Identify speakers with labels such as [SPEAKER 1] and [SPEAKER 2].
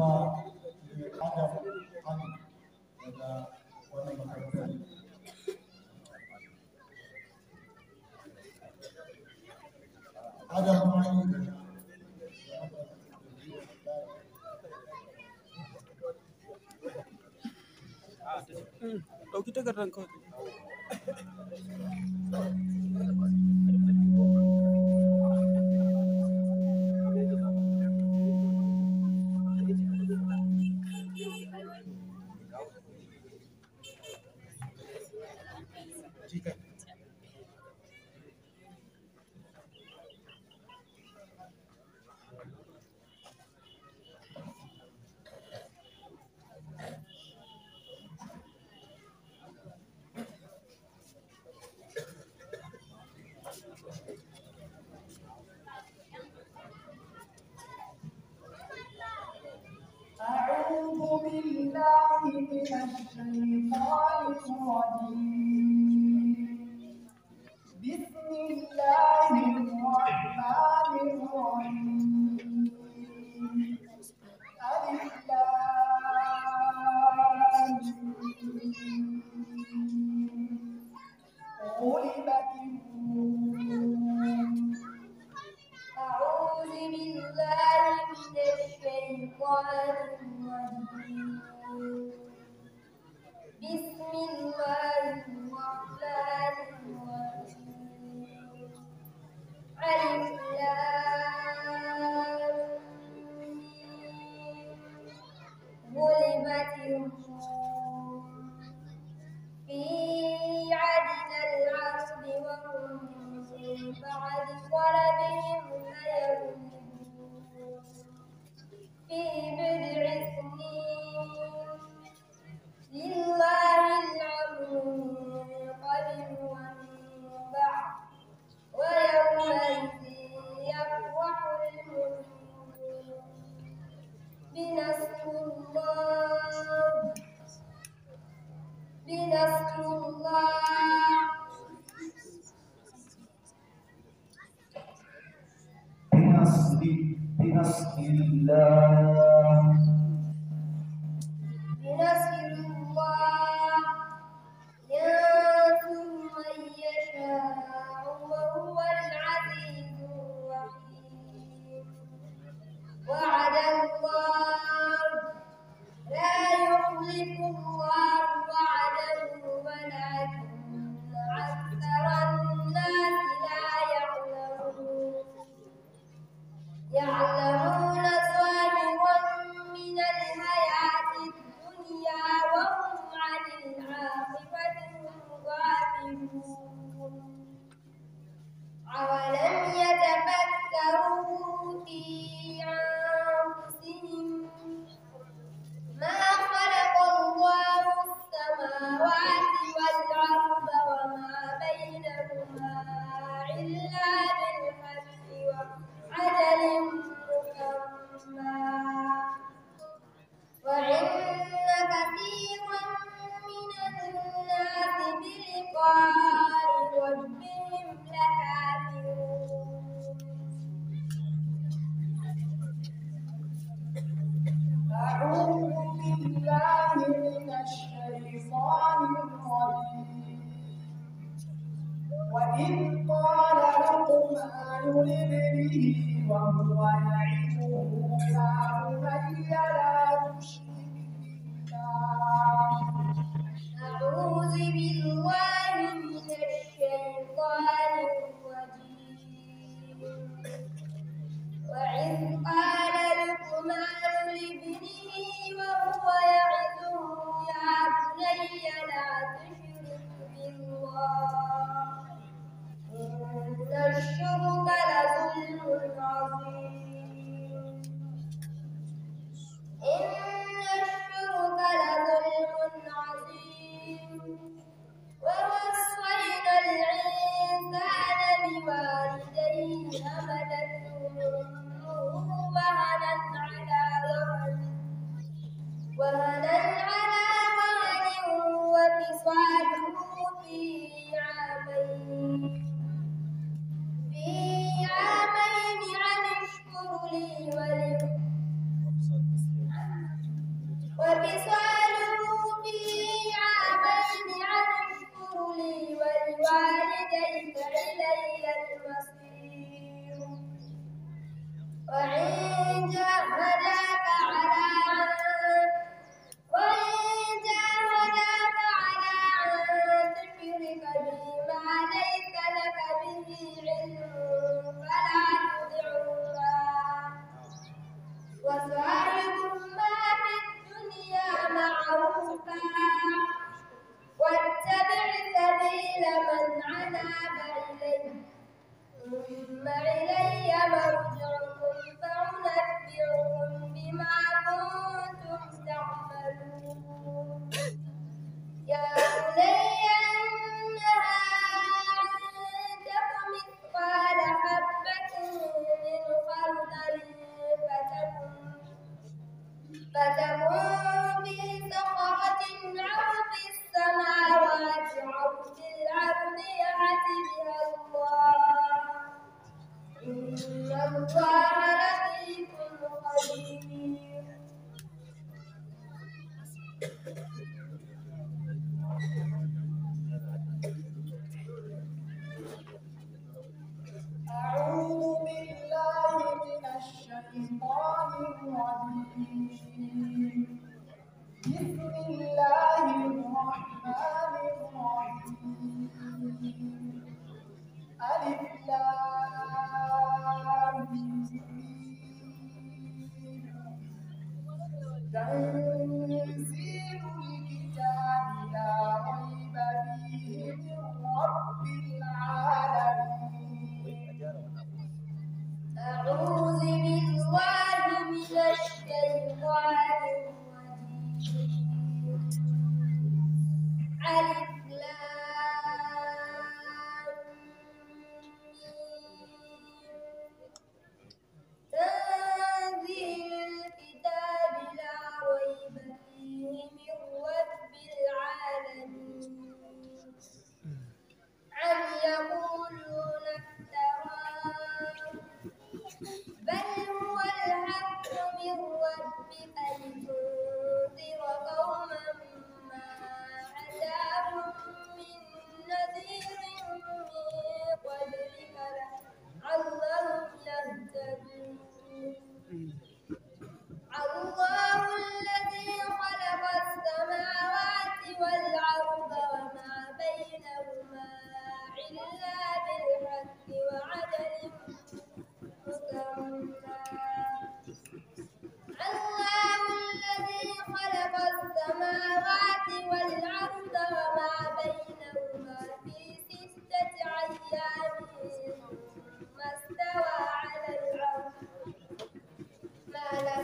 [SPEAKER 1] kuma mai adam hannu daga wannan makarantar adam hannu ɗauki takardar kawai بالله من الشيطان الرجيم بنصر الله 一往无
[SPEAKER 2] Well, Muhammed